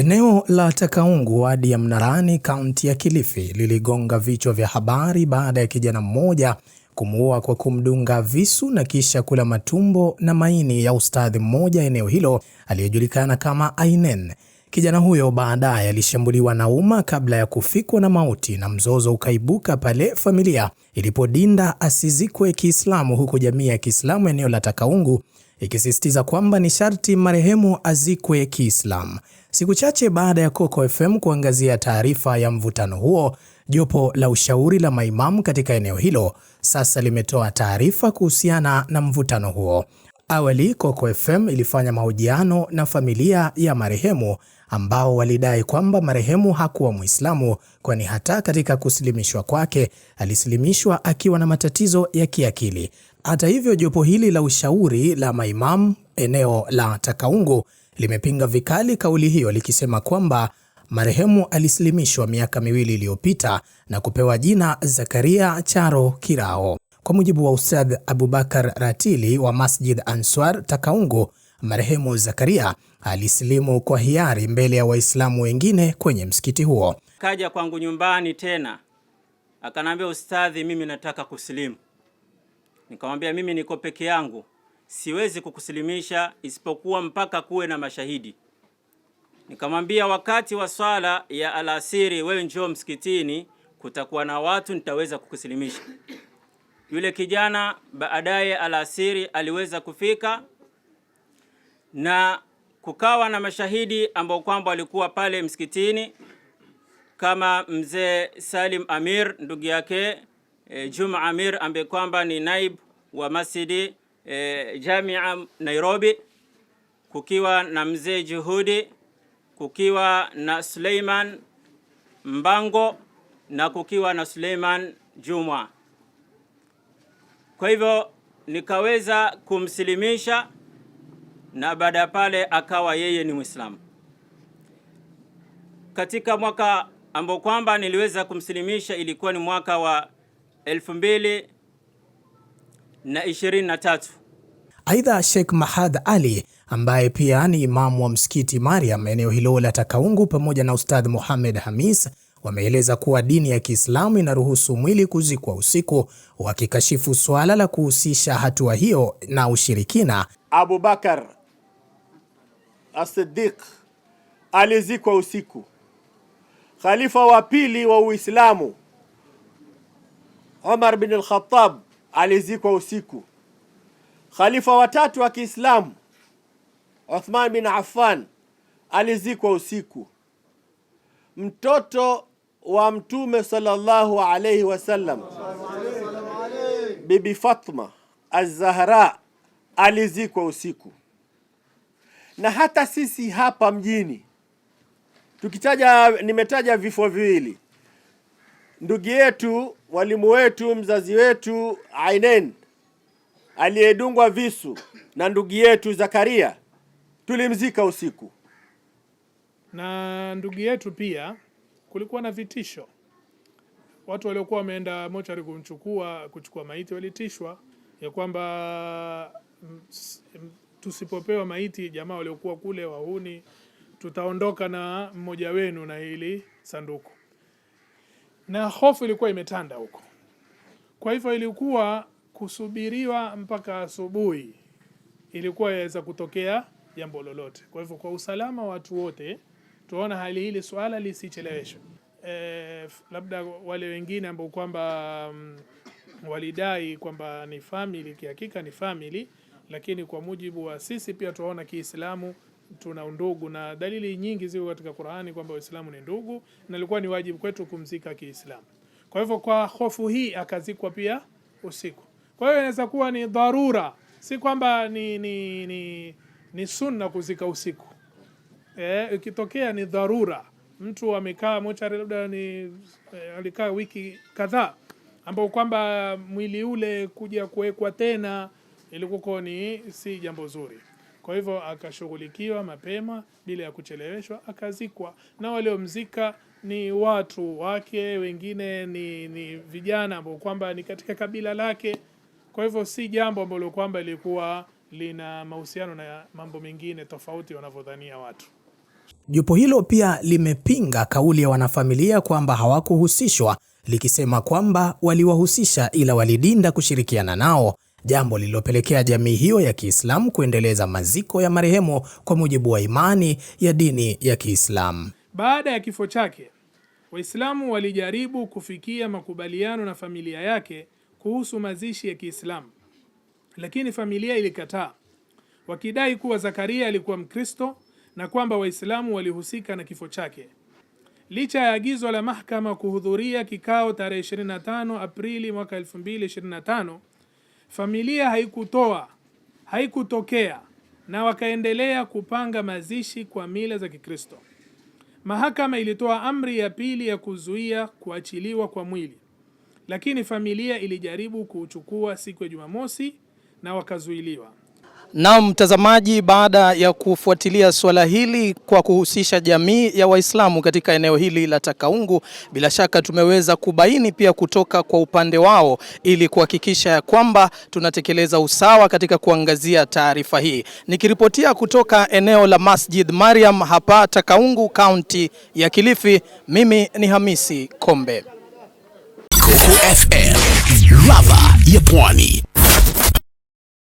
Eneo la Takaungu, wadi ya Mnarani, kaunti ya Kilifi, liligonga vichwa vya habari baada ya kijana mmoja kumuua kwa kumdunga visu na kisha kula matumbo na maini ya ustadhi mmoja eneo hilo aliyojulikana kama Ainen. Kijana huyo baadaye alishambuliwa na umma kabla ya kufikwa na mauti, na mzozo ukaibuka pale familia ilipodinda asizikwe Kiislamu, huku jamii ya Kiislamu eneo la Takaungu ikisisitiza kwamba ni sharti marehemu azikwe Kiislamu. Siku chache baada ya Coco FM kuangazia taarifa ya mvutano huo, jopo la ushauri la maimamu katika eneo hilo sasa limetoa taarifa kuhusiana na mvutano huo. Awali Coco FM ilifanya mahojiano na familia ya marehemu ambao walidai kwamba marehemu hakuwa Mwislamu, kwani hata katika kusilimishwa kwake alisilimishwa akiwa na matatizo ya kiakili. Hata hivyo, jopo hili la ushauri la maimamu eneo la Takaungo limepinga vikali kauli hiyo likisema kwamba marehemu alislimishwa miaka miwili iliyopita na kupewa jina Zakaria Charo Kirao. Kwa mujibu wa Ustadh Abubakar Ratili wa Masjid Answar Takaungo, marehemu Zakaria alisilimu kwa hiari mbele ya Waislamu wengine kwenye msikiti huo. Kaja kwangu nyumbani tena akanambia, ustadhi, mimi nataka kusilimu. Nikamwambia mimi niko peke yangu, siwezi kukusilimisha isipokuwa mpaka kuwe na mashahidi. Nikamwambia wakati wa swala ya alasiri, wewe njoo msikitini, kutakuwa na watu, nitaweza kukusilimisha. Yule kijana baadaye alasiri aliweza kufika na kukawa na mashahidi ambao kwamba walikuwa pale msikitini kama mzee Salim Amir ndugu yake e, Juma Amir ambaye kwamba ni naibu wa masjidi e, eh, Jamia Nairobi, kukiwa na mzee Juhudi, kukiwa na Suleiman Mbango na kukiwa na Suleiman Jumwa. Kwa hivyo nikaweza kumsilimisha na baada ya pale akawa yeye ni Mwislamu. Katika mwaka ambao kwamba niliweza kumsilimisha ilikuwa ni mwaka wa elfu mbili na ishirini na tatu. Aidha, Sheikh Mahad Ali ambaye pia ni imamu wa msikiti Mariam eneo hilo la Takaungu pamoja na Ustadh Muhammad Hamis wameeleza kuwa dini ya Kiislamu inaruhusu mwili kuzikwa usiku, wakikashifu swala la kuhusisha hatua hiyo na ushirikina. Abu Bakar As-Siddiq alizikwa usiku, khalifa wa pili wa Uislamu. Omar bin al-Khattab alizikwa usiku. Khalifa watatu wa Kiislamu Uthman bin Affan alizikwa usiku. Mtoto wa Mtume sallallahu alayhi wasallam Bibi Fatma az-Zahra alizikwa usiku. Na hata sisi hapa mjini tukitaja, nimetaja vifo viwili ndugu yetu mwalimu wetu mzazi wetu Ainen aliyedungwa visu na ndugu yetu Zakaria tulimzika usiku. Na ndugu yetu pia kulikuwa na vitisho, watu waliokuwa wameenda mochari kumchukua kuchukua maiti walitishwa ya kwamba mm, mm, tusipopewa maiti, jamaa waliokuwa kule wahuni, tutaondoka na mmoja wenu na hili sanduku na hofu ilikuwa imetanda huko. Kwa hivyo ilikuwa kusubiriwa mpaka asubuhi, ilikuwa yaweza kutokea jambo lolote. Kwa hivyo kwa usalama wa watu wote, tuona hali hili swala lisicheleweshwe. E, labda wale wengine ambao kwamba um, walidai kwamba ni family, kihakika ni family, lakini kwa mujibu wa sisi pia tuwaona Kiislamu tuna undugu na dalili nyingi ziko katika Qur'ani kwamba uislamu ni ndugu na ilikuwa ni wajibu kwetu kumzika Kiislamu. Kwa hivyo kwa hofu hii akazikwa pia usiku. Kwa hiyo inaweza kuwa ni dharura, si kwamba ni ni, ni, ni sunna kuzika usiku. Eh, ikitokea ni dharura, mtu amekaa mochari labda ni eh, alikaa wiki kadhaa ambao kwamba mwili ule kuja kuwekwa tena ilikuwa ni si jambo zuri. Kwa hivyo akashughulikiwa mapema bila ya kucheleweshwa, akazikwa. Na waliomzika ni watu wake, wengine ni, ni vijana ambao kwamba ni katika kabila lake. Kwa hivyo si jambo ambalo kwamba lilikuwa lina mahusiano na mambo mengine tofauti wanavyodhania watu. Jopo hilo pia limepinga kauli ya wanafamilia kwamba hawakuhusishwa, likisema kwamba waliwahusisha ila walidinda kushirikiana nao jambo lililopelekea jamii hiyo ya Kiislamu kuendeleza maziko ya marehemu kwa mujibu wa imani ya dini ya Kiislamu. Baada ya kifo chake, Waislamu walijaribu kufikia makubaliano na familia yake kuhusu mazishi ya Kiislamu, lakini familia ilikataa, wakidai kuwa Zakaria alikuwa Mkristo na kwamba Waislamu walihusika na kifo chake. Licha ya agizo la mahakama kuhudhuria kikao tarehe 25 Aprili mwaka 2025 Familia haikutoa haikutokea na wakaendelea kupanga mazishi kwa mila za Kikristo. Mahakama ilitoa amri ya pili ya kuzuia kuachiliwa kwa mwili, lakini familia ilijaribu kuuchukua siku ya Jumamosi na wakazuiliwa. Na mtazamaji, baada ya kufuatilia suala hili kwa kuhusisha jamii ya Waislamu katika eneo hili la Takaungu, bila shaka tumeweza kubaini pia kutoka kwa upande wao, ili kuhakikisha ya kwamba tunatekeleza usawa katika kuangazia taarifa hii. Nikiripotia kutoka eneo la Masjid Mariam hapa Takaungu, kaunti ya Kilifi, mimi ni Hamisi Kombe, Coco FM, ladha ya Pwani.